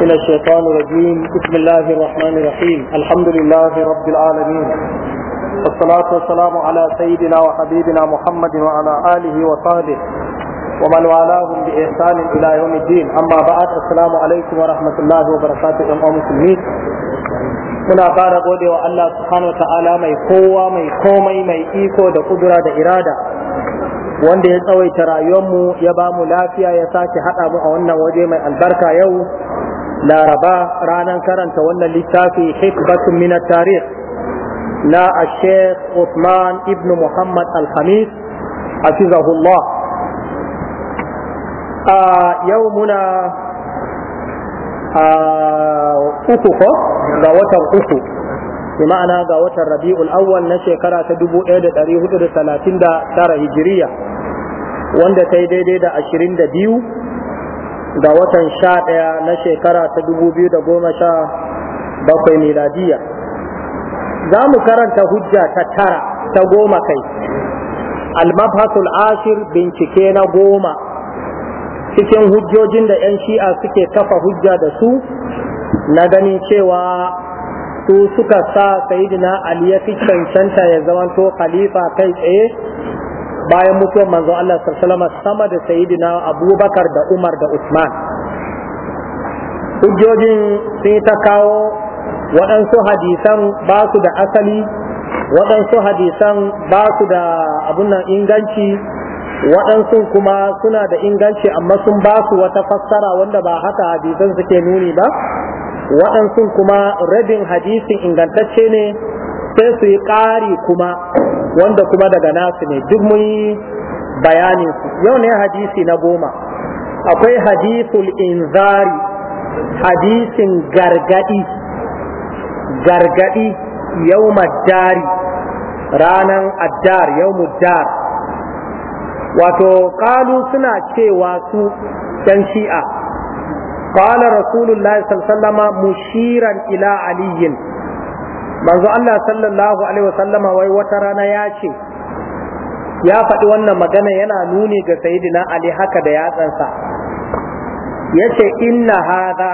من الشيطان الرجيم بسم الله الرحمن الرحيم الحمد لله رب العالمين والصلاة والسلام على سيدنا وحبيبنا محمد وعلى آله وصحبه ومن والاهم بإحسان إلى يوم الدين أما بعد السلام عليكم ورحمة الله وبركاته أيها المسلمين muna ƙara gode wa Allah subhanahu wa ta'ala mai kowa mai komai mai iko da kudura da irada wanda ya tsawaita rayuwarmu ya ba mu lafiya ya sake haɗa mu a wannan waje mai albarka yau laraba ranar karanta wannan littafi hikbatun min tarih na sheikh Usman ibn Muhammad Al-Hamis a yau muna a uku ko ga watan uku bi ma'ana ga watan rabi'ul awwal na shekara ta 1439 hijiriya wanda ta yi daidai da 22 ga watan 11 na shekara ta 2017 miladiya za mu karanta hujja ta tara ta goma kai al-mabhasul ashir bincike na goma cikin hujjojin da 'yan shi'a suke kafa hujja da su na ganin cewa su suka sa sayidina ali ya fi cancanta ya zamanto khalifa kai tsaye bayan mutuwar manzo Allah sallallahu sama da sayidina abubakar da umar da usman hujjojin sun ta kawo waɗansu hadisan ba su da asali waɗansu hadisan ba su da abunan inganci waɗansu kuma suna da inganci amma sun ba su wata fassara wanda ba haka hadisan suke nuni ba waɗansu kuma rabin hadisin ingantacce ne sai su yi ƙari kuma wanda kuma daga nasu ne duk mun yi bayanin su yau ne hadisi na goma akwai hadisul inzari hadisin gargadi gargadi yau dari ranan addar yau muddar wato kalu suna cewa su dan shi'a قال رسول الله صلى الله عليه وسلم مشيرا manzo Allah sallallahu alaihi wasallama wai wata rana ya ce ya faɗi wannan magana yana nuni ga sayyidina Ali haka da yatsansa yace inna hadha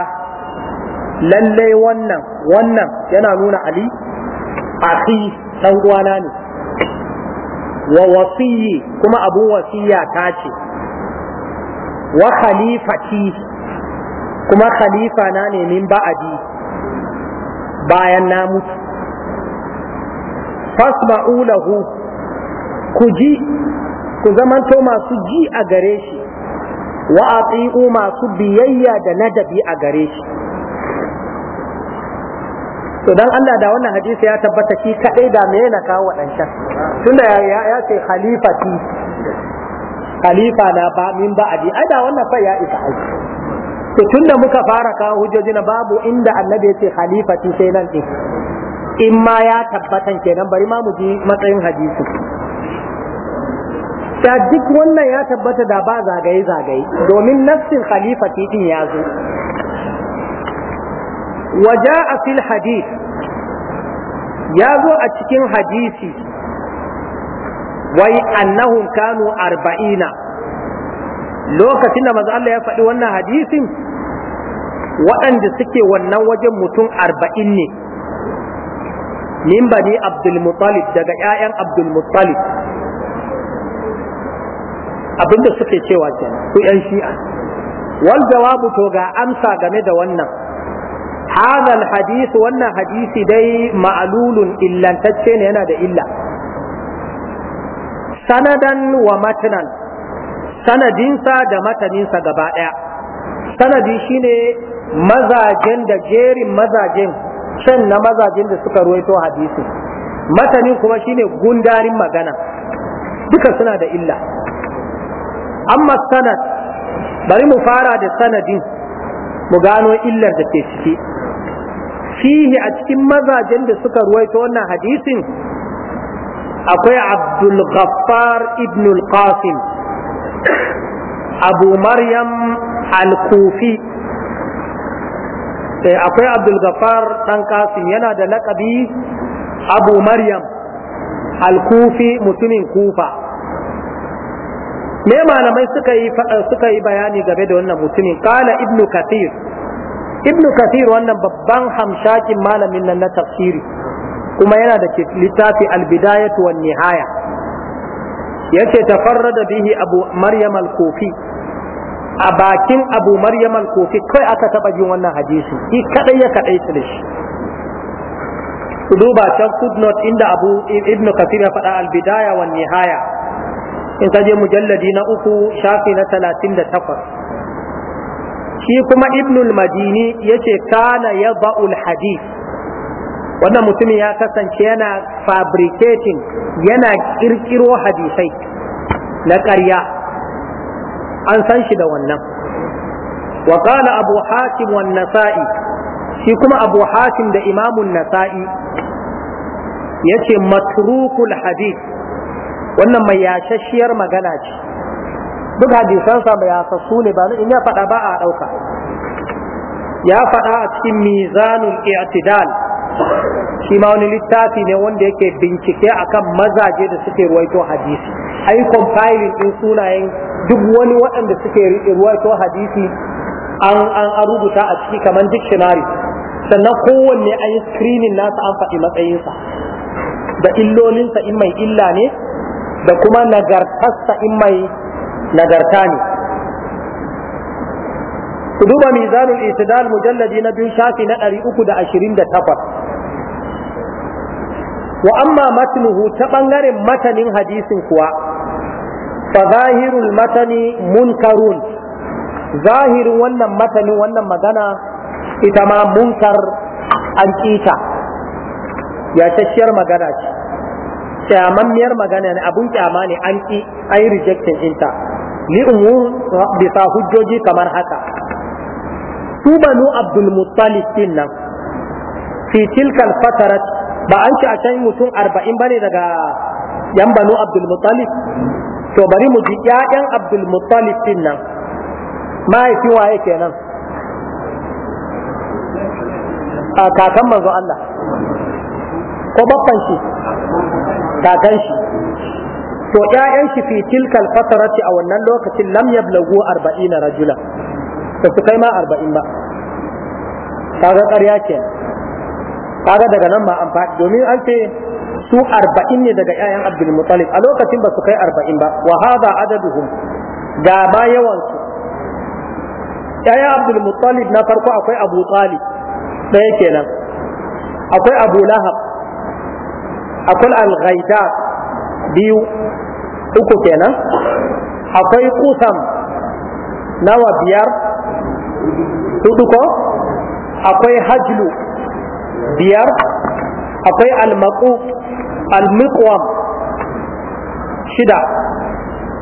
lallai wannan wannan yana nuna Ali akhi dan uwana ne wa wasiyyi kuma abu wasiya ta ce wa khalifati kuma khalifa na ne min ba'adi bayan na mutu fasma'u lahu ku ji ku zamanto masu ji a gare shi wa ati'u masu biyayya da nadabi a gare shi to dan Allah da wannan hadisi ya tabbata shi kadai da me yana kawo wadancan tunda ya ya ce khalifati khalifa na ba min ba'adi da wannan fa ya isa aiki to tunda muka fara kawo hujjoji na babu inda annabi yace khalifati sai nan din in ma ya tabbatan kenan bari ma mu ji matsayin hadisi da duk wannan ya tabbata da ba zagaye zagaye domin nafsin khalifati din ya zo waja'a fil hadith ya zo a cikin hadisi wai annahum kanu arba'ina lokacin da manzo Allah ya faɗi wannan hadisin waɗanda suke wannan wajen mutum arba'in ne min bani Abdul Muttalib daga ƴaƴan Abdul Muttalib abinda suke cewa ce ku ƴan shi'a wal jawabu to ga amsa game da wannan هذا الحديث وانا حديث دي معلول إلا تتشين هنا دي إلا سندا ومتنا sanadinsa da mataninsa gaba ɗaya sanadi shine mazajen da jerin mazajen can na mazajen da suka ruwaito hadisi matanin kuma shine gundarin magana duka suna da illa amma sanad bari mu fara da sanadin mu gano illar da ke ciki fihi a cikin mazajen da suka ruwaito wannan hadisin akwai abdul ghaffar ibn al-qasim abu maryam al-kufi eh, akwai abdulgafar ɗan kasim yana da lakabi abu maryam al-kufi mutumin kufa me malamai suka yi suka yi bayani game da wannan mutumin kala ibnu kathir ibnu kathir wannan babban hamshakin malamin nan na tafsiri kuma yana da littafi al-bidayatu wan nihaya yace tafarrada bihi abu maryam al-kufi a bakin abu maryam al-kufi kai aka taba jin wannan hadisi shi kadai ya kadai shi dashi duba can footnote inda abu ibnu kafir ya faɗa al-bidaya haya. nihaya in kaje mujalladi na uku shafi na 38 shi kuma ibnu al-madini yace kana yaba'ul al-hadith wannan mutumin ya kasance yana fabriketin, yana ƙirƙiro hadisai na ƙarya an san shi da wannan wa abu hatim wan nasa'i shi kuma abu hatim da imamun nasa'i yace matrukul hadith wannan mai yashashiyar magana ce duk hadisansa mai yasassu ne ba in ya faɗa ba a ɗauka ya faɗa a cikin mizanul i'tidal shi ma wani littafi ne wanda yake bincike kan mazaje da suke ruwaito hadisi ai compiling din sunayen duk wani waɗanda suke ruwaito hadisi an rubuta a ciki kamar dictionary sannan kowanne an yi screening nasa an faɗi matsayinsa da illolinsa in mai illa ne da kuma nagartarsa in mai nagarta ne duba mizanul itidal mujalladi na biyu shafi na takwas. wa amma matnuhu ta bangaren matanin hadisin kuwa fa zahirul matani munkarun zahirin wannan matanin wannan magana ita ma munkar an kita yatacciyar magana ce kyamanmiyar magana ne abun kyama ne an ki an yi rejection ɗinta li umur bisa hujjoji kamar haka su banu abdul muttalib din nan fi tilkal fatarat ba an ci a can mutum arba'in bane daga yan banu abdulmutalif to bari mu ji ƴaƴan abdulmutalif din nan mahaifin waye kenan a kakan manzo Allah ko babban shi kakan shi to ƴaƴan shi fi tilkal fatarati a wannan lokacin lam yablagu arba'ina rajula ba su kai ma arba'in ba kaga ƙarya kenan kaga daga nan ma an fa domin an ce su arba'in ne daga 'ya'yan abdul muttalib a lokacin ba su kai arba'in ba wa hada adaduhum ga ba yawan su abdul muttalib na farko akwai abu talib ɗaya kenan akwai abu lahab akwai al-ghaida biyu uku kenan akwai kusam nawa biyar hudu ko akwai hajlu biyar akwai almaku almiqwam shida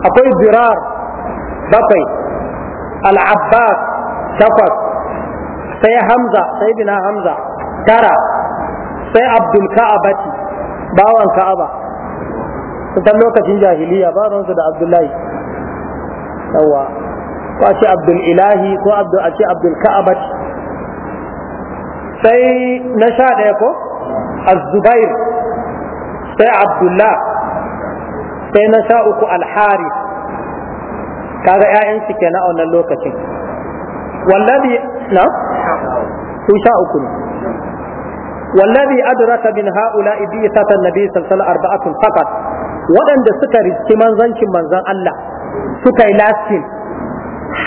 akwai birar bakwai al'abbas takwas sai hamza sai bina hamza tara sai abdul ka'abati bawan ka'aba kusan lokacin jahiliya ba da abdullahi yawa ko a ce abdul ilahi ko a ce abdul ka'abati sai na sha ɗaya ko az-zubair sai abdullah sai na sha uku al-hari kaga ƴaƴan shi kenan a wannan lokacin Wallabi na su sha uku ne Wallabi adraka min haula ibisatan nabi sallallahu alaihi wasallam arba'atun faqat waɗanda suka riski manzancin manzan Allah suka yi lastin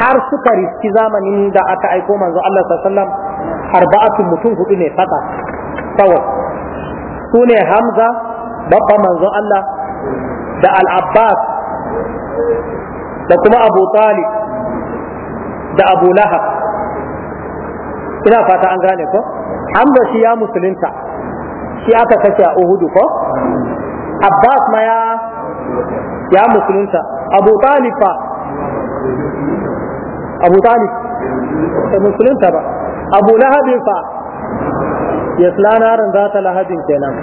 har suka riski zamanin da aka aiko manzon Allah sallallahu alaihi wasallam arba'atu mutum hudu ne fata kawai su ne hamza babba manzon Allah da al-abbas da kuma abu talib da abu lahab ina fata an gane ko hamza shi ya musulunta shi aka kashe a uhudu ko abbas ma ya ya musulunta abu talib fa abu talib musulunta ba abu lahabin fa ya narin za ta lahabin kenan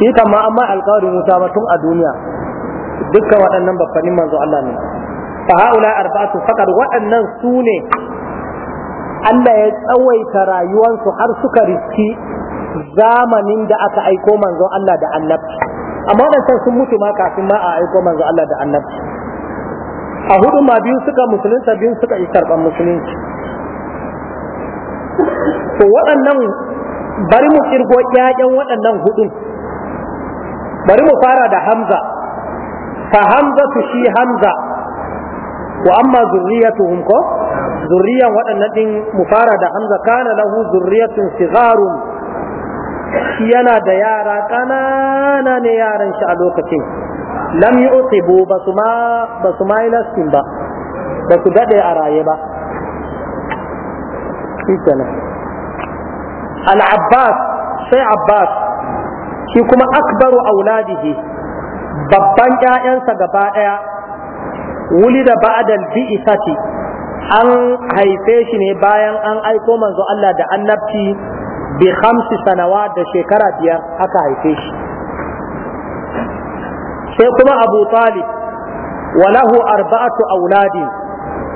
shi kan ma amma alƙawarin wuta ba tun a duniya dukkan waɗannan babbanin manzo Allah ne fa haula arba'atu faqad waɗannan su ne Allah ya tsawaita rayuwansu har suka riski zamanin da aka aiko manzo Allah da annabci amma waɗancan sun mutu ma kafin ma a aiko manzo Allah da annabci a hudu ma biyu suka musulunta biyu suka yi karɓar musulunci to waɗannan bari mu kirgo ƴaƴan waɗannan hudun bari mu fara da hamza fa hamza su shi hamza wa amma zurriyatuhum ko zurriyan waɗannan din mu fara da hamza kana lahu zurriyatun sigharun yana da yara ƙanana ne yaran shi a lokacin lam yu'tibu basu ma basu ma ba basu dade a raye ba shi kenan al-abbas sai abbas shi kuma akbaru auladihi babban ƴaƴansa gaba ɗaya wuli da ba'dal bi'isati an haife shi ne bayan an aiko manzo Allah da annabci bi khamsi sanawa da shekara biyar aka haife shi sai kuma abu talib walahu arba'atu auladin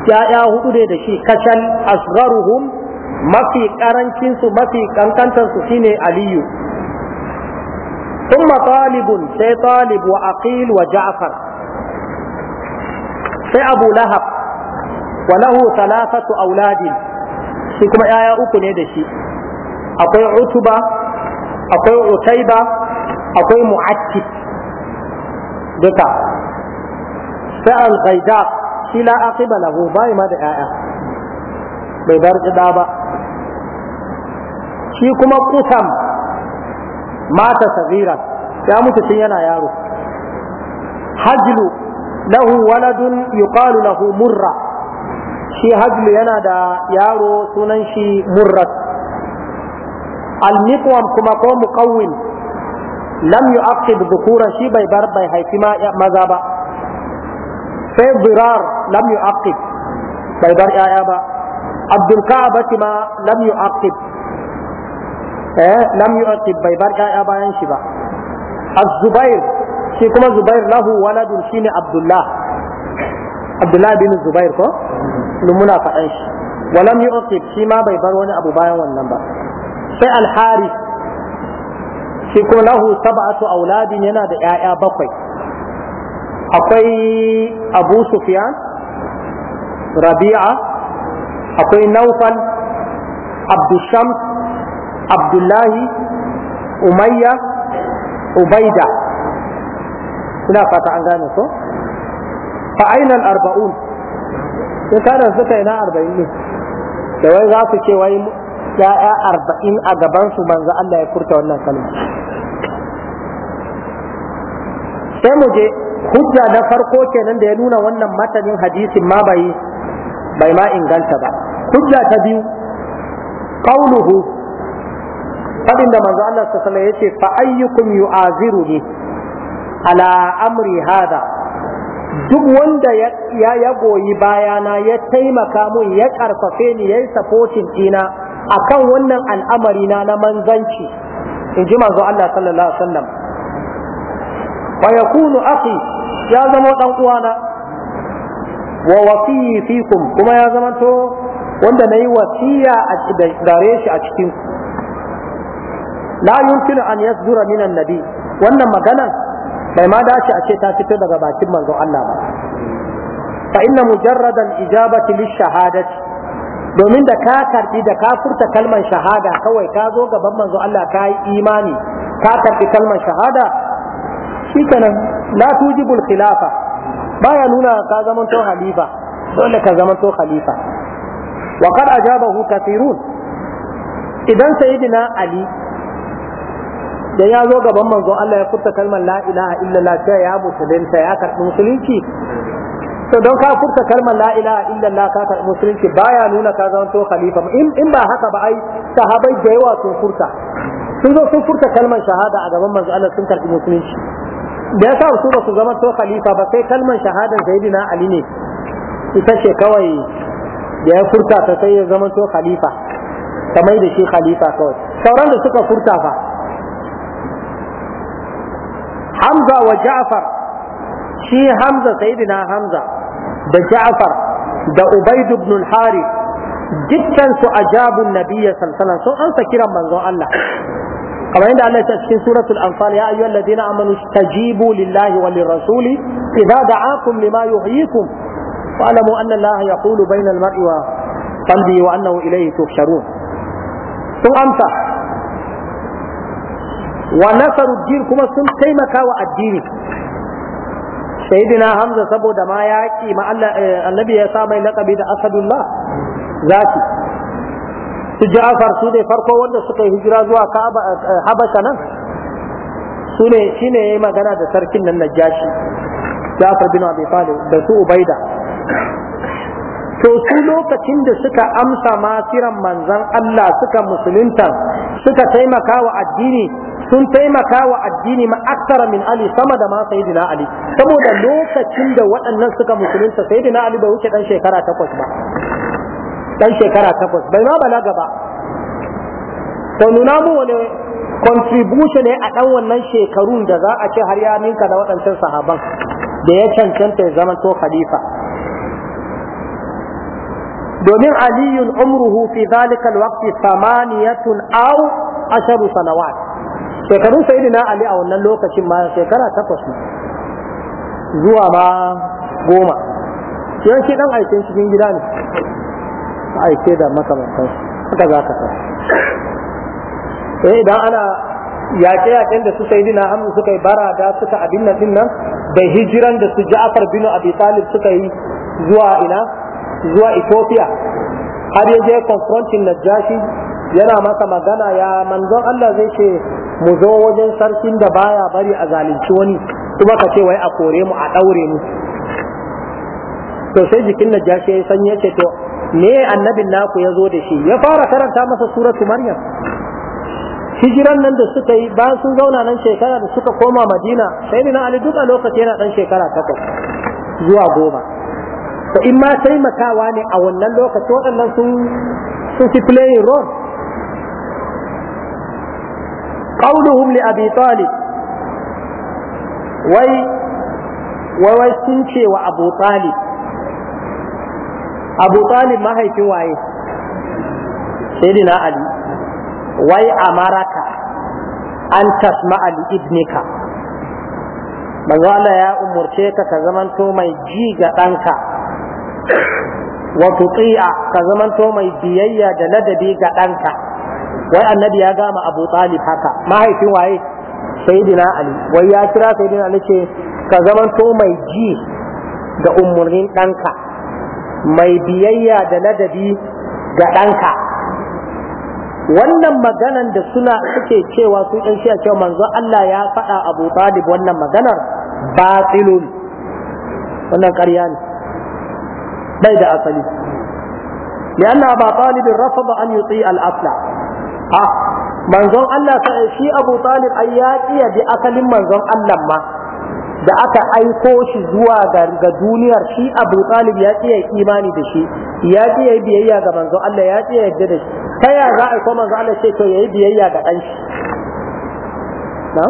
ya'ya hudu ne da shi kashal asgharuhum mafi karancin mafi kankantar shine aliyu thumma talibun sai talib wa aqil wa sai abu lahab wa lahu thalathatu auladin shi kuma yaya uku ne da shi akwai utuba akwai utaiba akwai mu'attib duka sai al-ghaidab shi la aqiba lahu bai ma da yaya bai bar da ba shi kuma kusan mata sagira ya mutu tun yana yaro hajlu lahu waladun yuqalu lahu murra shi hajlu yana da yaro sunan shi murrat al kuma ko muqawwim lam yu'aqqib dhukura shi bai bar bai haifi maza ba sai zirar lam yu'aqqib bai bar yaya ba abdul ka'aba ma lam yu'aqqib eh lam bai bar ƴaƴa bayan shi ba az-zubair shi kuma zubair lahu waladun shine abdullah abdullah bin zubair ko muna faɗan shi walam yu'tib shi ma bai bar wani abu bayan wannan ba sai al-harith shi kuma lahu sab'atu auladin yana da ƴaƴa bakwai akwai abu rabi'a akwai naufal abdushams abdullahi umayya ubaida ina fata an gane ko fa aina arba'un sai kada suka ina arba'in ne da wai za su ce wai ya'ya arba'in a gaban su manzo Allah ya furta wannan kalma sai mu je hujja na farko kenan da ya nuna wannan matanin hadisin ma bai bai ma inganta ba hujja ta biyu qauluhu fadin da manzo Allah ta sallama yace fa ayyukum yu'aziruni ala amri hada duk wanda ya ya goyi bayana ya taimaka mun ya karfafe ni yayi supporting dina akan wannan al'amari na na manzanci in ji manzo Allah sallallahu alaihi wasallam wa yakunu akhi ya zama dan uwana wa wasi fikum kuma ya zama to wanda nayi wasiya a gare shi a cikin ku la yumkinu an yasdura min annabi wannan magana bai ma dace a ce ta fito daga bakin manzon Allah ba fa inna mujarradan ijabati lishahadati domin da ka karbi da ka furta kalmar shahada kawai ka zo gaban manzon Allah ka yi imani ka karbi kalmar shahada shikenan la tujibul khilafa baya nuna ka zamanto Khalifa dole ka zamanto khalifa wa qad ajabahu kathirun idan sayyidina ali da ya zo gaban manzon Allah ya furta kalmar la ilaha illallah ta ya musulunta ya karɓi musulunci to don ka furta kalmar la ilaha illallah ka karɓi musulunci baya nuna ka zama to khalifa in ba haka ba ai sahabai da yawa sun furta sun zo sun furta kalmar shahada a gaban manzon Allah sun karɓi musulunci da ya sa su ba su zama to khalifa ba sai kalmar shahadar sayyidina Ali ne ita ce kawai da ya furta ta sai ya zama to khalifa kamar da shi khalifa kawai sauran da suka furta fa حمزة و جعفر شي حمزة سيدنا حمزة ده جعفر ده أبيد بن الحارث جدا سأجاب النبي صلى الله عليه وسلم سأنسى كرا من ذو الله كما عند الله تشكين سورة الأنفال يا أيها الذين أمنوا استجيبوا لله وللرسول إذا دعاكم لما يحييكم فألموا أن الله يقول بين المرء وقلبي وأنه إليه تحشرون سأنسى wa nasaru din kuma sun taimaka wa addini sayyidina hamza saboda ma ya ki ma eh, annabi ya sa mai laqabi da asadullah zaki su ja'far su ne farko wanda suka yi hijira zuwa eh, habasha nan su ne shine yayi magana da sarkin nan najashi ja'far bin abi talib da su ubaida to su lokacin da suka amsa masiran manzan Allah suka musulunta suka taimaka wa addini sun taimaka wa addini ma aksara min Ali sama da ma Sayyidina Ali saboda lokacin da waɗannan suka musulunta Sayyidina Ali bai wuce dan shekara takwas ba dan shekara takwas bai ma balaga ba to nuna mu wani contribution ne a dan wannan shekarun da za a ce har ya ninka da waɗancan sahaban da ya cancanta ya zama to khalifa domin aliyun umruhu fi zalika alwaqti thamaniyatun aw asharu sanawat shekarun sayidina ali a wannan lokacin ma shekara takwas ne zuwa ma goma yan shi dan aikin cikin gida ne aike da makamantan haka za ka sai eh, idan ana yaƙe-yaƙen da su na hamdu suka yi barada suka abin nan nan da hijiran da su ja'afar bin abi talib suka yi zuwa ina zuwa ethiopia har ya je confronting najashi yana masa magana ya manzon Allah zai ce mu zo wajen sarkin da baya bari a zalunci wani kuma ka ce wai a kore mu a daure mu to sai jikin najashi ya san yace to me annabin naku ya zo da shi ya fara karanta masa suratu maryam hijiran nan da suka yi bayan sun zauna nan shekara da suka koma madina sai na ali duk a lokaci yana dan shekara takwas zuwa goma to in ma taimakawa ne a wannan lokaci waɗannan sun sun fi playing role qawluhum li abi talib wai wai wai sun ce wa abu talib abu talib mahaifin waye Sai na ali wai amaraka an tasma Ali ibnika manzo Allah ya umurce ka ka zamanto mai ji ga danka, wa tuti'a ka zamanto mai biyayya da ladabi ga danka. wai annabi ya gama abu talib haka mahaifin waye sayyidina ali wai ya kira sayyidina ali ce ka zamanto mai ji ga umurnin ɗanka mai biyayya da ladabi ga ɗanka wannan maganan da suna suke cewa su ɗan shi a cewa manzo Allah ya faɗa abu talib wannan maganar batilun wannan ƙarya ne bai da asali لأن أبا طالب رفض أن يطيع الأصلع a manzon Allah eh, shi Abu Talib ai ya tsiya bi asalin manzon Allah ma da aka aiko shi zuwa ga duniyar shi Abu Talib ya tsiya imani da shi ya tsiya biyayya ga manzon Allah ya tsiya yadda da shi ta ya za a ko manzon Allah ce to yayi biyayya ga dan shi na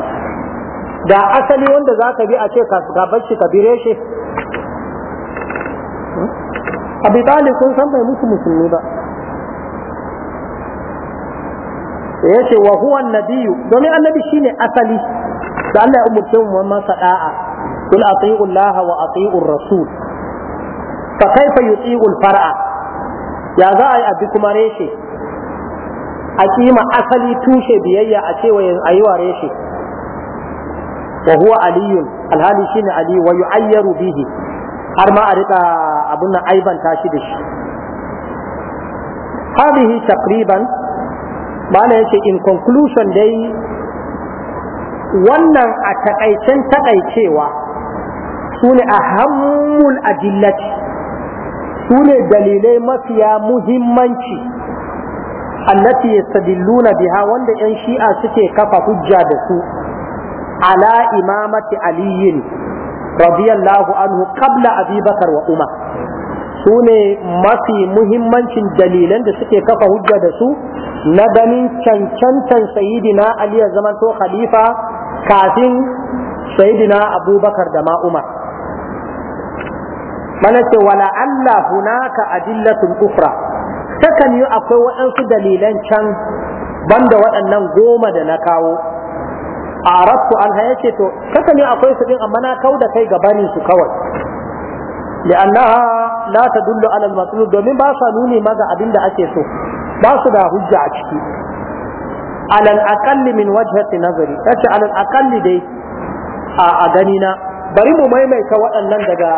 da asali wanda za ka bi a ce ka bar shi ka bire shi hmm? Abu Talib kun san bai musu musulmi ba yace wa huwa annabiyyu domin annabi shine asali da Allah ya umurce mu masa da'a kul atiiu Allah wa atiiu rasul fa kaifa yutiiu al-far'a ya za a yi abi kuma reshe a kima asali tushe biyayya a cewa a yi wa reshe wa huwa aliyun alhali shine ali wa yu'ayyaru bihi har ma a rika abun nan aibanta shi da shi hadihi taqriban mana yace in conclusion dai wannan a takaicen takaicewa su ne ahammul adillati su ne dalilai mafiya muhimmanci allati yastadilluna biha wanda yan shi'a suke kafa hujja da su ala imamati aliyin radiyallahu anhu qabla abi bakar wa umar su ne mafi muhimmancin dalilan da suke kafa hujja da su na ganin cancantan sayidina Ali ya to khalifa kafin sayidina Abubakar da ma Umar mana ce wala Allah hunaka adillatun ukhra takan yi akwai waɗansu dalilan can banda waɗannan goma da na kawo arabtu an haya ce to takan yi akwai su din amma na kau da kai gabanin su kawai li'annaha la tadullu ala al-matlub domin ba sa nuni maga abin da ake so ba su da hujja a ciki alal aqalli min wajhati nazari tace alal aqalli dai a gani na bari mu maimaita waɗannan daga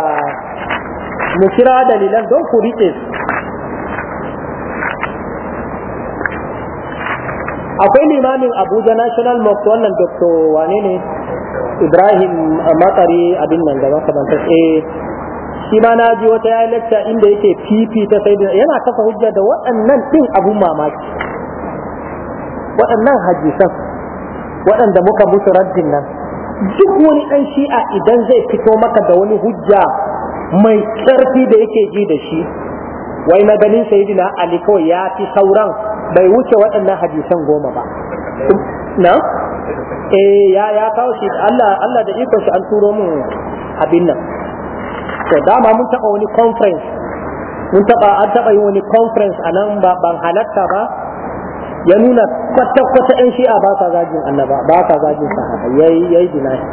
mu kira dalilan don ku riƙe su akwai limamin abuja national mosque wannan dr wane ne ibrahim matsari abin nan gaba kamantar eh shi ma na ji wata yayin lacca inda yake fifita sai yana kafa hujja da waɗannan ɗin abun mamaki waɗannan hadisan waɗanda muka musu raddin nan duk wani ɗan shi'a idan zai fito maka da wani hujja mai ƙarfi da yake ji da shi wai na ganin sayidina ali kawai ya fi sauran bai wuce waɗannan hadisan goma ba na eh ya ya kawo shi Allah Allah da ikon shi an turo mun abin nan to dama mun taɓa wani conference mun taɓa an taɓa yin wani conference a nan ba ban halatta ba ya nuna kwata-kwata 'yan shi'a ba sa zagin annaba ba sa zagin sahaba ya yi dinashi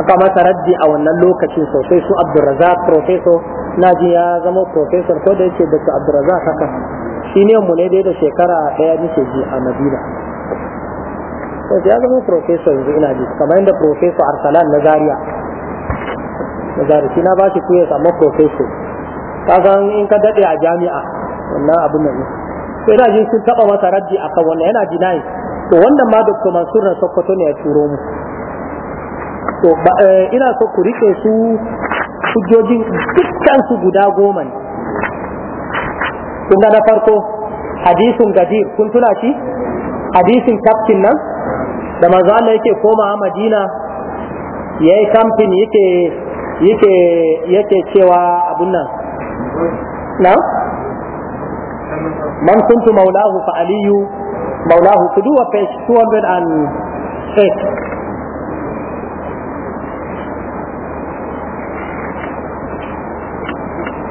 aka masa raddi a wannan lokacin sosai su abdulrazak professor na ji ya zama professor ko da yake da su abdulrazak haka shi ne mu ne dai da shekara daya nake ji a madina to ya zama professor yanzu ina ji kamar yadda professor arsalan na zaria majority na ba shi ku ya samu profession kaga in ka daɗe a jami'a wannan abin mai sai da jin sun taɓa masa raddi kan wannan yana jinai to wannan ma Dr. Mansur na Sokoto ne ya turo mu to eh, ina so ku rike su hujjojin dukkan su guda goma ne kun na farko hadisin gadir kun tuna shi hadisin kaftin nan da manzo Allah yake koma Madina yayi kamfin yake yake yake cewa abun nan na man kuntu maulahu fa aliyu maulahu ku duba page 208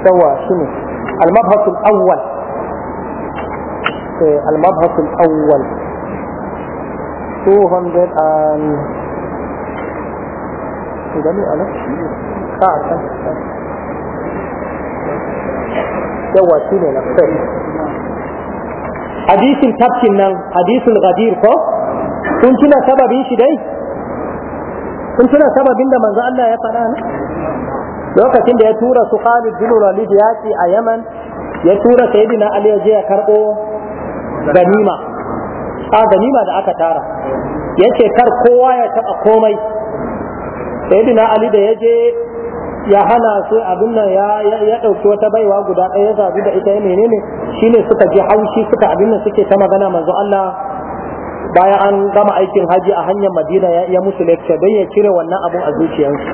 سوى شنو المبحث الأول المبحث الأول 200 and ku gani a nan ka a can yawa shi ne na kai hadisin tafkin nan hadisul gadir ko kun tuna sababin shi dai kun tuna sababin da manzo Allah ya faɗa ne lokacin da ya tura su Khalid bin Walid yaki a Yaman ya tura sayyidina Ali ya je ya karbo ganima a ganima da aka tara yace kar kowa ya taba komai sayyidina ali da ya je ya hana sai abin nan ya ya dauki wata baiwa guda ɗaya ya zabi da ita ya ne shine suka ji haushi suka abin nan suke ta magana manzo Allah bayan an gama aikin haji a hanyar Madina ya musu lecture don ya cire wannan abun a zuciyarsu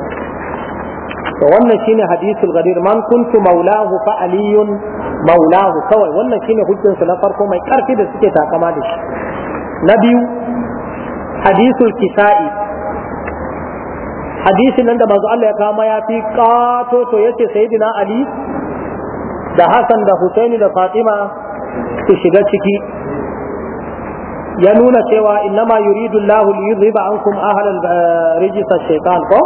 to wannan shine hadithul ghadir man kuntu maulahu fa aliyun maulahu kawai wannan shine hujjar sa na farko mai karfi da suke takama da shi na biyu hadithul kisa'i hadisin nan da manzo Allah ya kama ya fi kato to yace sayyidina ali da Hassan da Husaini da Fatima su shiga ciki ya nuna cewa innama yuridu Allah li yudhiba ankum ahla eh, rijis ash-shaytan ko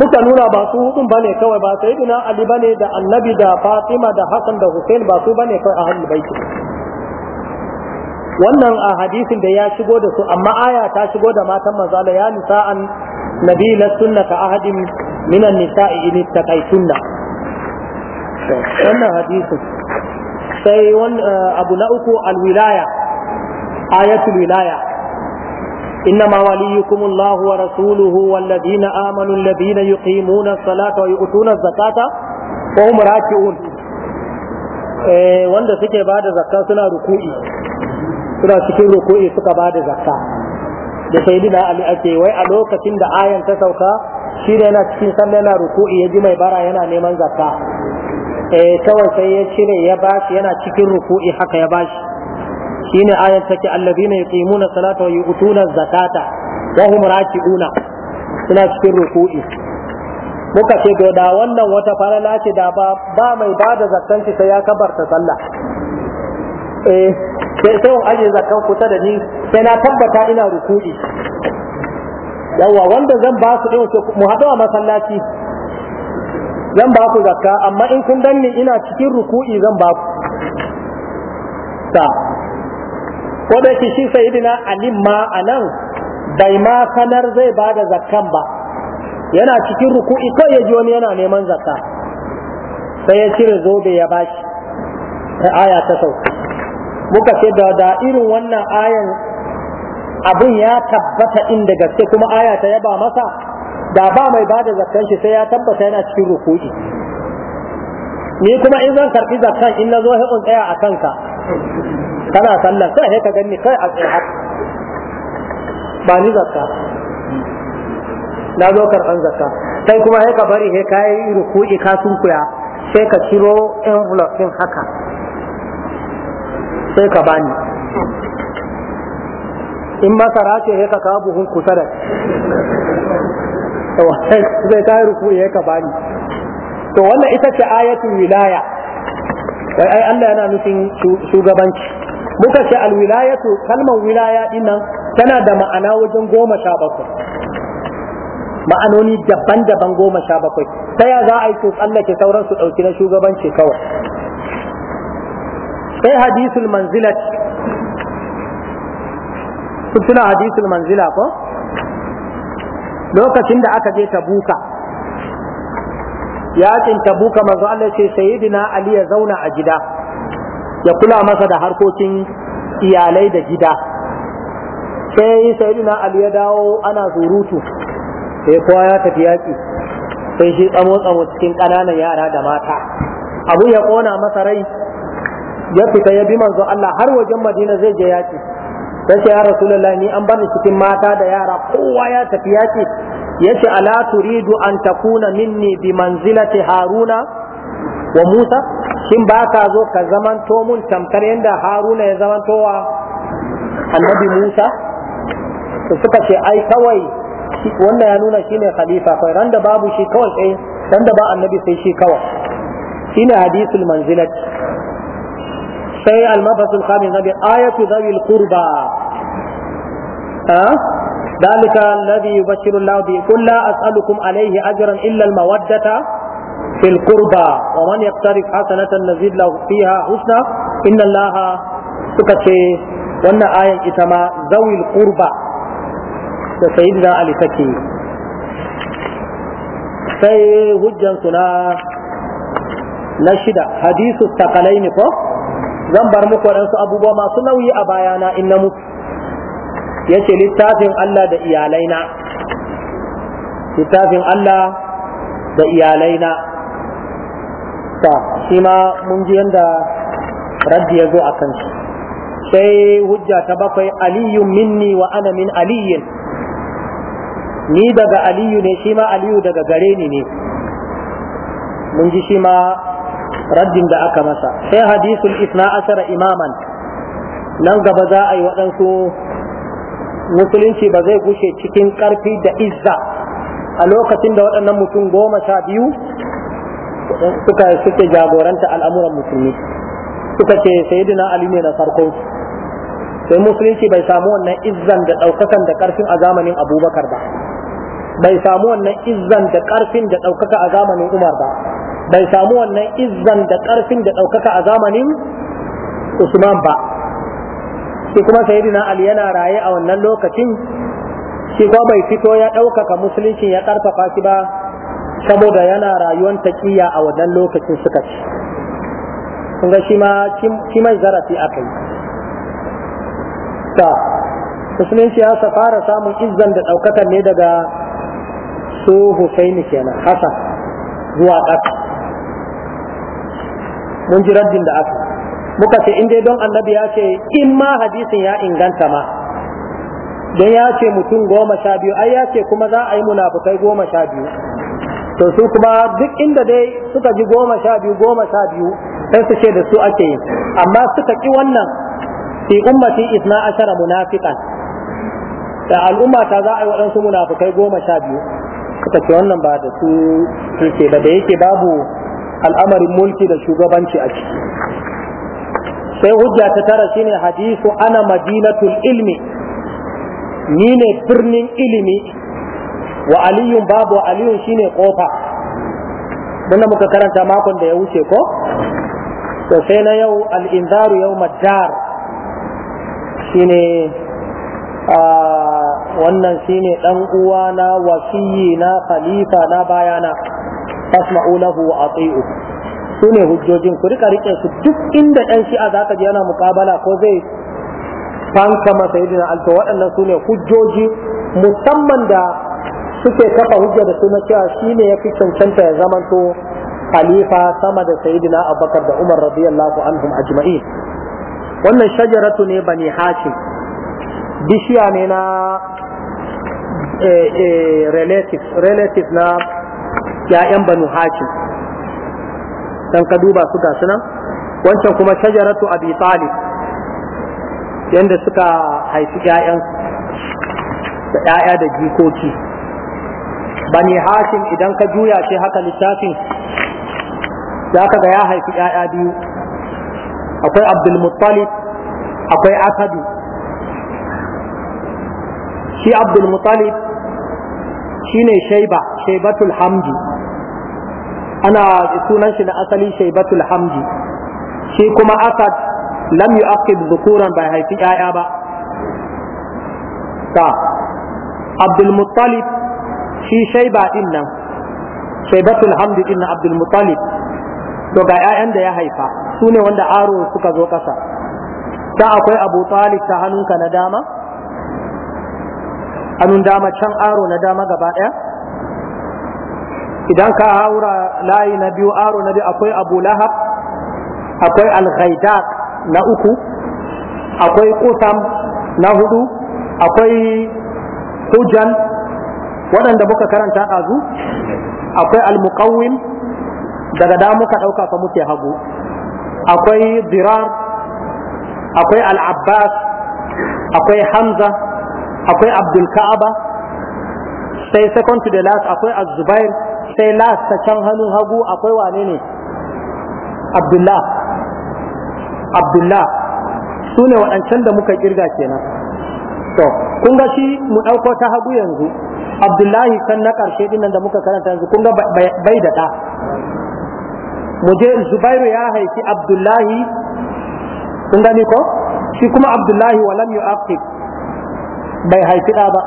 muka nuna ba su hudun bane kawai ba sayyidina Ali bane da Annabi da Fatima da Hassan da Husain ba su bane kawai ahlul bait wannan a hadisin da ya shigo da su amma aya ta shigo da matan manzo Allah ya nisa an nisa'an nabila sunna ka ahadin minan nisa in ittaqaytunna wannan hadisin sai abu na uku alwilaya ayatul wilaya إنما وليكم الله ورسوله والذين آمنوا الذين يقيمون الصلاة ويؤتون الزكاة وهم راكعون wanda suke ba da zakka suna ruku'i suna cikin ruku'i suka ba da zakka da sayyidina ali ake wai a lokacin da ayan ta sauka shi da yana cikin sallah yana ruku'i ya ji mai bara yana neman zakka eh kawai sai ya cire ya bashi yana cikin ruku'i haka ya bashi shine ayan take allazina yuqimuna salata wa yu'tuna zakata wa hum raki'una suna cikin ruku'i muka ce da wannan wata falala ce da ba mai bada zakkan shi sai ya kabarta sallah eh sai sai in zakan kusa da ni sai na tabbata ina rukudi yawa wanda zan ba su din mu haɗu a masallaci zan ba ku zakka amma in kun danni ina cikin ruku'i zan ba ku ta ko da ki shi sai idina ali ma anan bai ma sanar zai ba da zakkan ba yana cikin ruku'i ko ya ji wani yana neman zakka sai ya cire zobe ya bashi aya ta sauka muka ce da irin wannan ayan abun ya tabbata inda gaske kuma aya ta yaba masa da ba mai ba da zakkan shi sai ya tabbata yana cikin ruku'i ni kuma in zan karbi zakkan in nazo he tsaya a kanka kana sallar sai he ka ganni kai a tsaye ba ni zakka na zo karban zakka sai kuma he ka bari he kai ruku'i ka sunkuya sai ka ciro envelope din haka sai ka bani in masara ce ya ka kawo buhun kusa da zai ta ruku ya ka bani to wannan ita ce ayatul wilaya wai ai Allah yana nufin shugabanci muka ce alwilayatu kalmar wilaya dinnan tana da ma'ana wajen goma sha bakwai ma'anoni daban-daban goma sha bakwai ta ya za a yi su tsallake sauran su ɗauki na shugabanci kawai sai hadisul Manzila kun tuna hadisul manzila ko lokacin da aka je tabuka yakin tabuka manzo Allah ce sayyidina ali ya zauna a gida ya kula masa da harkokin iyalai da gida sai sayyidina ali ya dawo ana surutu sai kowa ya tafi yaki sai shi tsamo tsamo cikin ƙananan yara da mata abu ya ƙona masa rai ya fita ya bi manzo Allah har wajen Madina zai je yaki sai ce ya rasulullahi ni an bani cikin mata da yara kowa ya tafi yaki yace ala turidu an takuna minni bi manzilati haruna wa musa shin ba ka zo ka zamanto mun tamkar yadda haruna ya zamanto wa annabi musa to suka ce ai kawai wannan ya nuna shine khalifa kawai randa babu shi kawai sai randa ba annabi sai shi kawai shine hadisul manzilati sai al-mabasul khamis nabi ayatu dhawil qurba ذلك الذي يبشر الله به قل لا أسألكم عليه أجرا إلا المودة في القربى ومن يقترف حسنة نزيد له فيها حسنى إن الله سكتي وأن آية إتما ذوي القربى سيدنا علي تكي sai hujjansu na na shida hadisu takalai ne ko zan bar muku waɗansu abubuwa masu nauyi a bayana in na mutu ce littafin Allah da iyalaina littafin Allah da iyalaina ta shi ma mun ji yadda raddi ya zo a kan shi sai hujja ta bakwai aliyun minni wa ana min aliyin ni daga aliyu ne shi ma aliyu daga gare ni ne mun ji shi ma raddin da aka masa sai hadisul isna asara imaman nan gaba za a yi waɗansu musulunci ba zai gushe cikin ƙarfi da izza a lokacin da waɗannan mutum goma sha biyu suka suke jagoranta al'amuran musulmi suka ce sayyidina ali ne na farko sai musulunci bai samu wannan izzan da ɗaukakan da ƙarfin a zamanin abubakar ba bai samu wannan izzan da ƙarfin da ɗaukaka a zamanin umar ba bai samu wannan izan da ƙarfin da ɗaukaka a zamanin usman ba shi kuma sayyidina ali yana raye a wannan lokacin shi kuma bai fito ya ɗaukaka musulunci ya ƙarfafa shi ba saboda yana rayuwar taƙiyya a wannan lokacin suka ci kun ga shi ma shi mai zarafi aka yi ta musulunci ya fara samun izzan da ɗaukaka ne daga su Husaini kenan Hassan zuwa ƙasa mun ji raddin da aka muka ce in dai don annabi ya ce in ma hadisin ya inganta ma don ya ce mutum goma sha biyu ai ya ce kuma za a yi munafukai goma sha biyu to su kuma duk inda dai suka ji goma sha biyu goma sha biyu sai su ce da su ake yi amma suka ki wannan fi ummati isna ashara munafiqan da al'umma ta za a yi waɗansu munafukai goma sha biyu suka ce wannan ba da su ce ba da yake babu al'amarin mulki da shugabanci a ciki sai hujja ta tara shine hadisu ana madinatul ilmi ni ne birnin ilimi wa aliyun babu aliyun shine kofa wannan muka karanta makon da ya wuce ko to sai na yau al'inzaru yau madar shine wannan shine dan uwana na khalifa na bayana fasma'u lahu wa ati'u su ne hujjojin ku rika rike su duk inda ɗan shi'a za ka ji yana muƙabala ko zai fanka masa yadda alto waɗannan su ne hujjoji musamman da suke kafa hujja da suna cewa shi ne ya fi cancanta ya zamanto khalifa sama da sayyidina abubakar da umar radiyallahu anhum ajma'i wannan shajaratu ne bani hashim bishiya ne na eh, eh, relatives relatives na ya'yan banu hashim dan ka duba su gasu nan wancan kuma shajaratu abi talib yanda suka haifi ya'yan da ya'ya da jikoki bani hashim idan ka juya shi haka littafin za ka ga ya haifi ya'ya biyu akwai abdulmuttalib akwai asadu shi abdulmuttalib shine shaiba shaibatul hamdi ana sunan shi na asali shaibatul hamdi shi kuma asad lam yu'aqib dhukuran bai haifi yaya ba ta abdul muttalib shi shaiba din nan shaibatul hamdi din abdul muttalib to ga yayan da ya haifa sune wanda aro suka zo kasa ta akwai abu talib ta hannunka na dama hannun dama can aro na dama gaba daya idan ka haura layi na biyu aro na biyu akwai abu lahab akwai alghaidaq na uku akwai kusam na hudu akwai hujan waɗanda muka karanta ɗazu akwai almuqawwim daga da muka ɗauka fa muke hagu akwai dirar akwai al'abbas akwai hamza akwai abdul ka'aba sai second to the last akwai az-zubair sai last ta can hannun hagu akwai wane ne abdullah abdullah su ne waɗancan da muka kirga kenan to kun ga shi mu ɗauko ta hagu yanzu abdullahi kan na ƙarshe nan da muka karanta yanzu kun ga bai da ɗa mu je zubairu ya haifi abdullahi kun gani ko shi kuma abdullahi wa Lamu yu'aqib bai haifi ɗa ba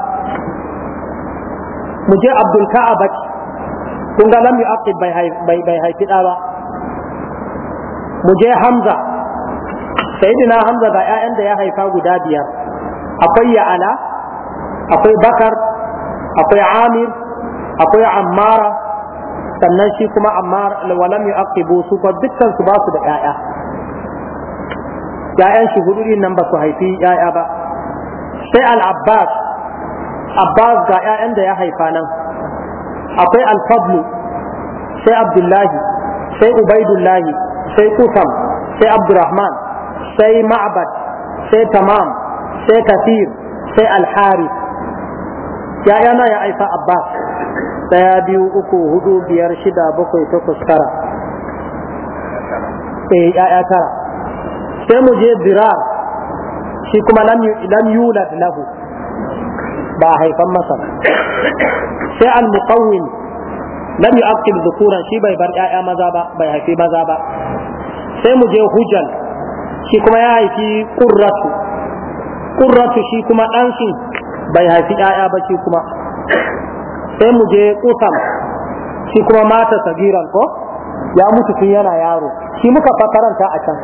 mu je abdul baki. kun ga lam yu'aqib bai bai haifi da ba mu je hamza sayyidina hamza ga ƴaƴan da ya haifa guda biyar akwai ya'ala akwai bakar akwai amir akwai ammara sannan shi kuma ammar wa lam yu'aqibu su fa dukkan su ba su da ƴaƴa ƴaƴan shi hudu nan ba su haifi ƴaƴa ba sai al-abbas abbas ga ƴaƴan da ya haifa nan akwai alfablu sai abdullahi sai ubaidullahi sai kusam sai abdurrahman sai Ma'abat, sai tamam sai kafir sai alhari ya'yana ya aifa abbas daya biyu uku hudu biyar shida bakwai takwas tara eh ya'ya tara sai mu je birar shi kuma lam yulad lahu ba haifan masa sai al-muqawwim lam yu'aqqil dhukuran shi bai bar ƴaƴa maza ba bai haifi maza ba sai mu je hujjal shi kuma ya haifi qurratu qurratu shi kuma dan shi bai haifi ƴaƴa ba shi kuma sai mu je qutam shi kuma mata sagiran ko ya mutu tun yana yaro shi muka fakaranta a can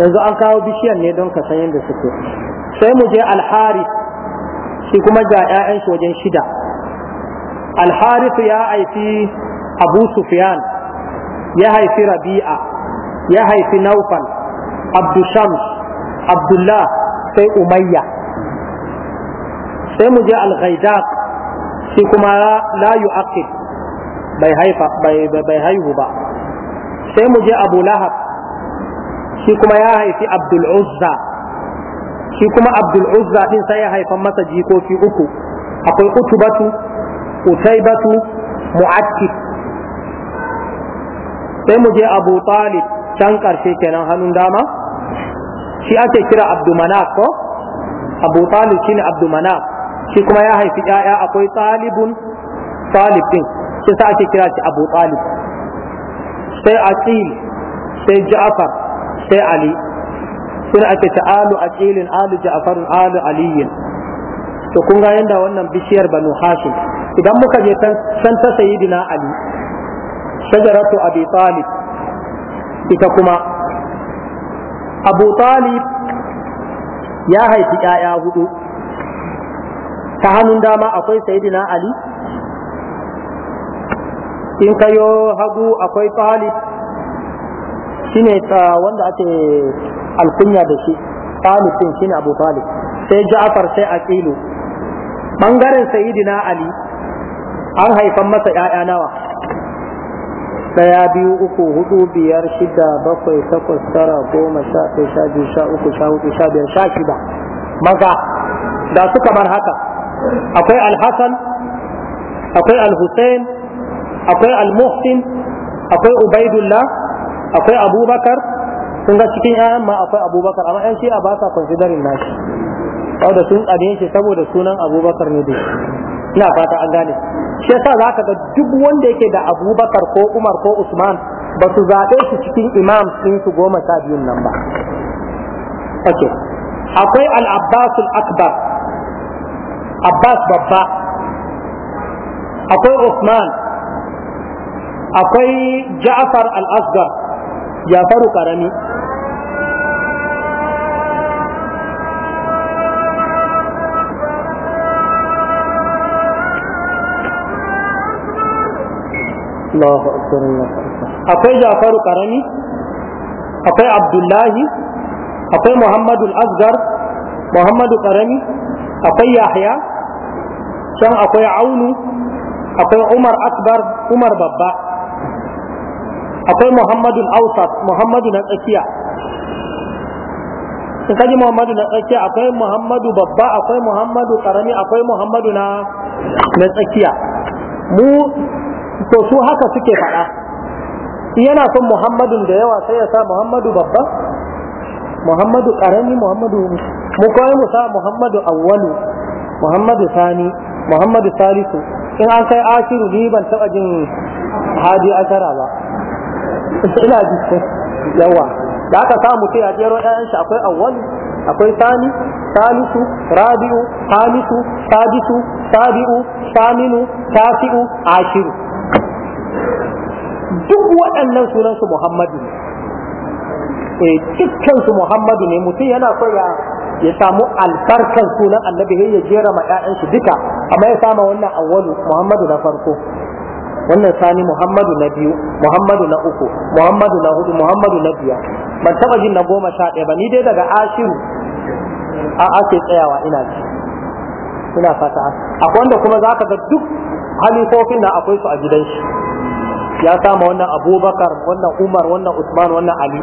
yanzu an kawo bishiyan ne don ka san yadda suke sai mu je al-harith shi kuma ga 'ya'yan shi wajen shida alharith ya haifi abu sufyan ya haifi rabi'a ya haifi naufal abdushams abdullah sai umayya sai mu je al-ghaidaq shi kuma la yu'aqib bai haifa bai haihu ba sai mu je abu lahab shi kuma ya haifi abdul uzza shi kuma abdul uzza din sai ya haifan masa jikoki uku akwai utubatu utaibatu mu'attib sai mu je abu talib can karshe kenan hannun dama shi ake kira Abdul manaf ko abu talib shine Abdul manaf shi kuma ya haifi 'ya'ya akwai talibun talib din shi sa ake kira shi abu talib sai asil sai ja'far sai ali sai ake ta alu aqilin alu ja'far alu aliyin to kun ga yanda wannan bishiyar banu hashim idan muka je san ta sayyidina ali shajaratu abi talib ita kuma abu talib ya haifi ƴaƴa hudu ta hannun dama akwai sayyidina ali in kayo hagu akwai talib shine ah, wanda ake alkunya da shi talib din shine abu talib sai ja'far sai aqilu bangaren sayyidina ali an haifan masa ƴaƴa nawa daya biyu uku hudu biyar shida bakwai takwas tara goma sha ɗaya sha biyu sha uku sha hudu sha biyar sha shida maza da su kamar haka akwai alhassan akwai alhussein akwai almuhsin akwai ubaidullah akwai abubakar sun ga cikin 'ya'yan ma akwai abubakar amma 'yan shi'a ba sa considering nashi saboda sun tsane shi saboda sunan abubakar ne dai ina fata an gane shi yasa za ka ga duk wanda yake da abubakar ko umar ko usman ba su zaɓe su cikin imam sun su goma sha biyun nan ba Ok. akwai al-abbas akbar abbas babba akwai usman akwai ja'far al asgar جعفر كرمي الله أكبر الله أكبر جعفر كرمي أقوي عبد الله أقوي محمد الأصغر محمد كرمي أقوي يحيى شان أقوي عون أقوي عمر أكبر عمر بابا akwai muhammadun ausat muhammadu na tsakiya in kaji muhammadu na tsakiya akwai muhammadu babba akwai muhammadu karami akwai muhammadu na tsakiya mu to su haka suke faɗa yana son muhammadun da yawa sai ya sa muhammadu babba muhammadu karami muhammadu mu kawai mu sa muhammadu awwalu muhammadu sani muhammadu salisu in an kai ashiru ni ban taɓa jin hadi asara ba ina ji yawa da aka samu sai a jero ƴaƴan shi akwai awwal akwai sani salisu rabi'u hamisu sadisu sabi'u saminu tasi'u ashiru duk waɗannan sunan su muhammadu ne eh, dukkan su muhammadu ne mutum yana so ya ya samu albarkan sunan annabi ya jera ma ƴaƴan shi duka amma ya sama wannan awwalu muhammadu na farko wannan sani muhammadu na biyu muhammadu na uku muhammadu na hudu muhammadu na biyar ban taba jin na goma sha ɗaya ba ni dai daga ashiru a ake tsayawa ina ji ina fata akwai wanda kuma za ka ga duk halifofin na akwai su a gidan shi ya sama wannan abubakar wannan umar wannan usman wannan ali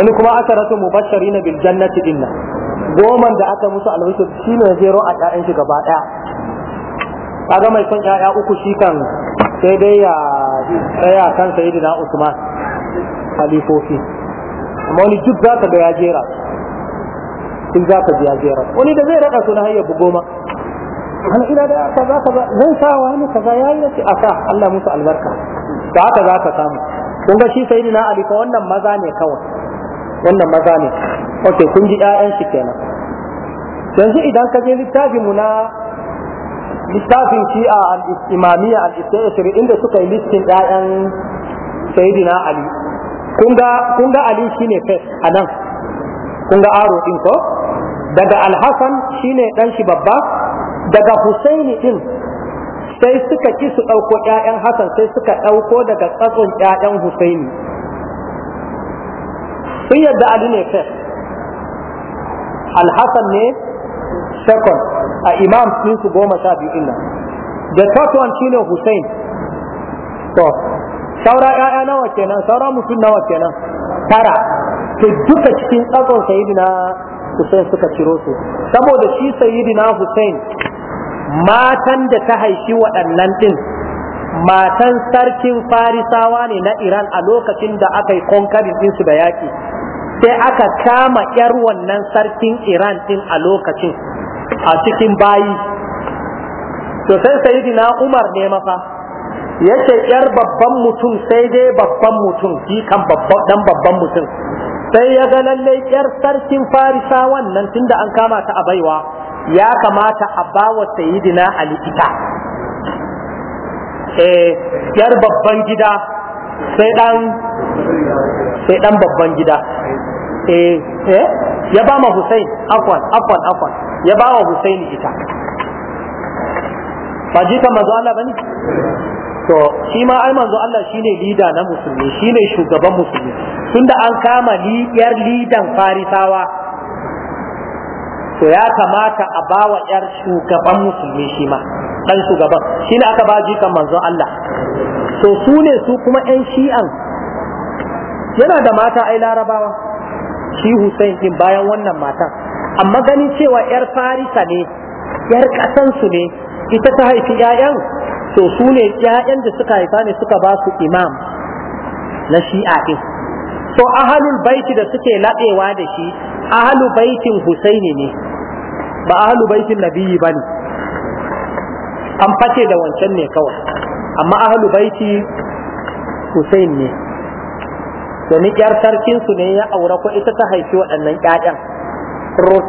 wani kuma aka rasa mubashari na bil jannati dinna goman da aka musu alwishir shine zero a ƴaƴan shi gaba ɗaya kaga mai son ƴaƴa uku shi kan sai dai ya tsaya kan da Usman khalifofi amma wani duk za ka ga ya jera duk za ka ga ya jera wani da zai raka suna hayar hayya goma an ina da za ka ba zan sa wani kaza yayi a aka Allah musu albarka da haka za ka samu kun ga shi da Ali fa wannan maza ne kawai wannan maza ne okay kun ji ƴaƴan shi kenan yanzu idan ka je littafin mu na littafin shi'a al-imamiyya al-istaishiri inda suka yi listin ɗayan sayidina ali kun ga ali shine fes a nan kun ga aro ɗin ko daga alhassan shine ɗan shi babba daga husaini ɗin sai suka ki su ɗauko ƴaƴan hassan sai suka ɗauko daga tsatson ƴaƴan husaini sun yadda ali ne fes alhassan ne second a imam sun su goma sha biyu inna nan the third one shine Hussein to saura ƴaƴa nawa kenan saura mutum nawa kenan tara to duka cikin tsakon sayyidina Hussein suka ciro su saboda shi sayyidina Hussein matan da ta haifi waɗannan ɗin matan sarkin farisawa ne na Iran a lokacin da aka yi konkarin ɗinsu da yaƙi sai aka kama ƴar wannan sarkin Iran ɗin a lokacin a cikin bayi to sai sayyidina Umar ne masa yace yar babban mutum sai dai babban mutum shi kan babban dan babban mutum sai ya ga lalle yar sarkin Farisa wannan tunda an kama ta a baiwa ya kamata a bawa sayyidina Ali ita eh yar babban gida sai dan sai dan babban gida eh eh ya ba ma Hussein afwan afwan afwan ya ba wa Hussein ita ba jika manzo Allah bane to shi ma ai manzo Allah shine lida na musulmi shine shugaban musulmi tunda an kama liyar lidan farisawa to ya kamata a bawa yar shugaban musulmi shi ma dan shugaban shi ne aka ba jikan manzo Allah to su ne su kuma ƴan shi'an yana da mata ai larabawa shi Hussein din bayan wannan matan amma ganin cewa yar Farisa ne yar kasan su ne ita ta haifi 'ya'yan? to su ne ƴaƴan da suka haifa ne suka ba su imam na shi'a din to ahalul baiti da suke laɗewa da shi ahalul baitin Husaini ne ba ahalul baitin nabiyyi bane an fake da wancan ne kawai amma ahalul baiti Husain ne domin ƴar su ne ya aura ko ita ta haifi waɗannan ƴaƴan rot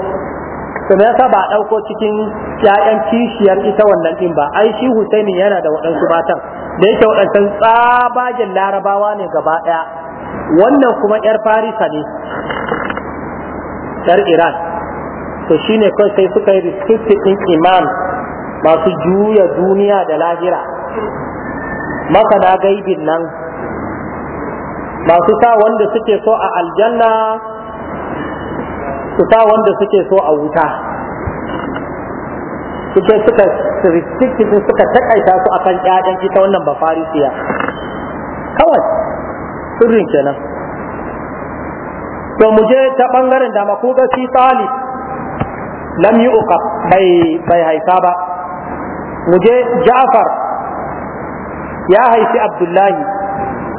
to me yasa ba a ɗauko cikin ƴaƴan kishiyar ita wannan ɗin ba ai shi Husaini yana da waɗansu matan da yake waɗancan tsabagen larabawa ne gaba ɗaya wannan kuma ƴar farisa ne ƴar iran to shine kawai sai suka yi restricted ɗin imam masu juya duniya da lahira Maka na gaibin nan masu sa wanda suke so a aljanna su sa wanda suke so a wuta suke suka restricted suka takaita su akan ƴaƴan ita wannan ba farisiya kawai sirrin kenan to mu je ta bangaren da makuga fi talib lam yi uka bai bai haifa ba mu je ja'far ya haifi abdullahi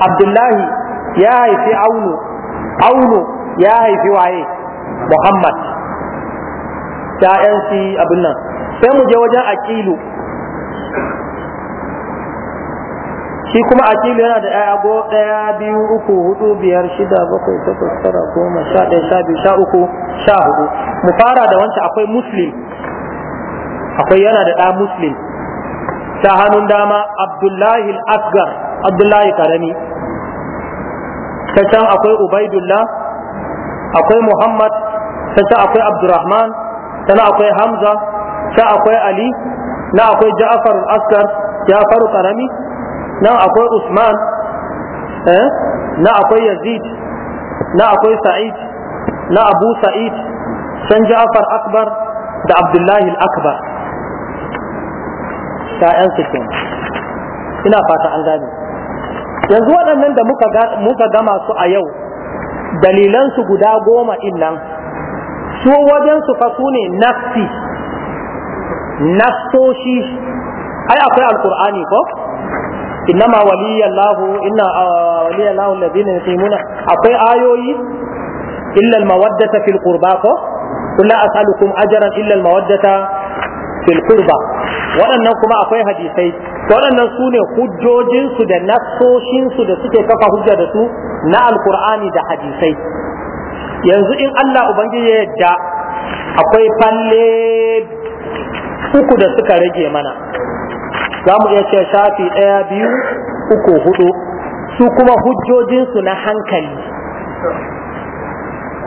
abdullahi ya haifi aunu aunu ya haifi waye muhammad ta yan shi abin nan sai mu je wajen aqilu shi kuma aqilu yana da ɗaya go ɗaya biyu uku hudu biyar shida bakwai takwas tara goma sha ɗaya sha biyu sha uku sha hudu mu fara da wancan akwai muslim akwai yana da ɗaya muslim ta hannun dama abdullahi al-asgar abdullahi karami ta can akwai ubaidullah akwai muhammad ta can akwai abdurrahman sana akwai hamza ta akwai ali na akwai ja'far askar ja'far karami na akwai usman eh, na akwai yazid na akwai sa'id na abu sa'id san ja'far akbar da abdullahi al-akbar ta'yan su ina fata an gane yanzu waɗannan da muka gama su a yau dalilansu guda goma nan su wajensu fa su ne nafsi nastoshi ai akwai alkur'ani ko innama waliyallahu inna waliyallahu alladhina yuqimuna akwai ayoyi illa almawaddata fil qurba ko qul la as'alukum ajran illa almawaddata fil qurba waɗannan kuma akwai hadisai waɗannan sune ne hujjojinsu da nassoshinsu da suke kafa hujja da su na alkur'ani da hadisai yanzu in Allah ubangiji ya yadda akwai falle uku da suka rage mana za mu iya ce shafi ɗaya biyu uku hudu su kuma hujjojinsu na hankali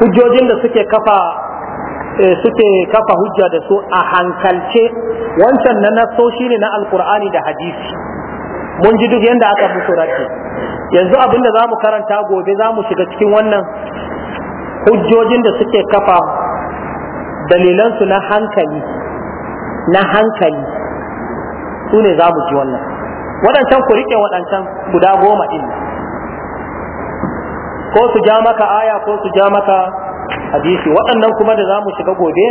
hujjojin da suke kafa suke kafa hujja da su a hankalce wancan na naso ne na alkur'ani da hadisi mun ji duk yadda aka musu rake yanzu abin da za mu karanta gobe za mu shiga cikin wannan hujjojin da suke kafa dalilansu na hankali na hankali su ne za mu ji wannan waɗancan ku riƙe waɗancan guda goma ɗin ko su ja maka aya ko su ja maka hadisi waɗannan kuma da za mu shiga gobe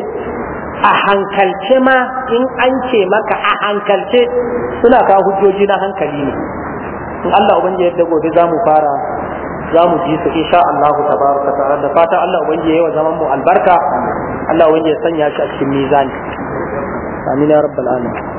a hankalce ma in an ce maka a hankalce suna kawo hujjoji na hankali ne in Allah ubangiji yadda gobe za mu fara za mu ji su insha Allah tabaraka ta'ala da fata Allah ubangiji yayi wa zaman mu albarka Allah ubangiji ya sanya shi a cikin mizani amin ya rabbal alamin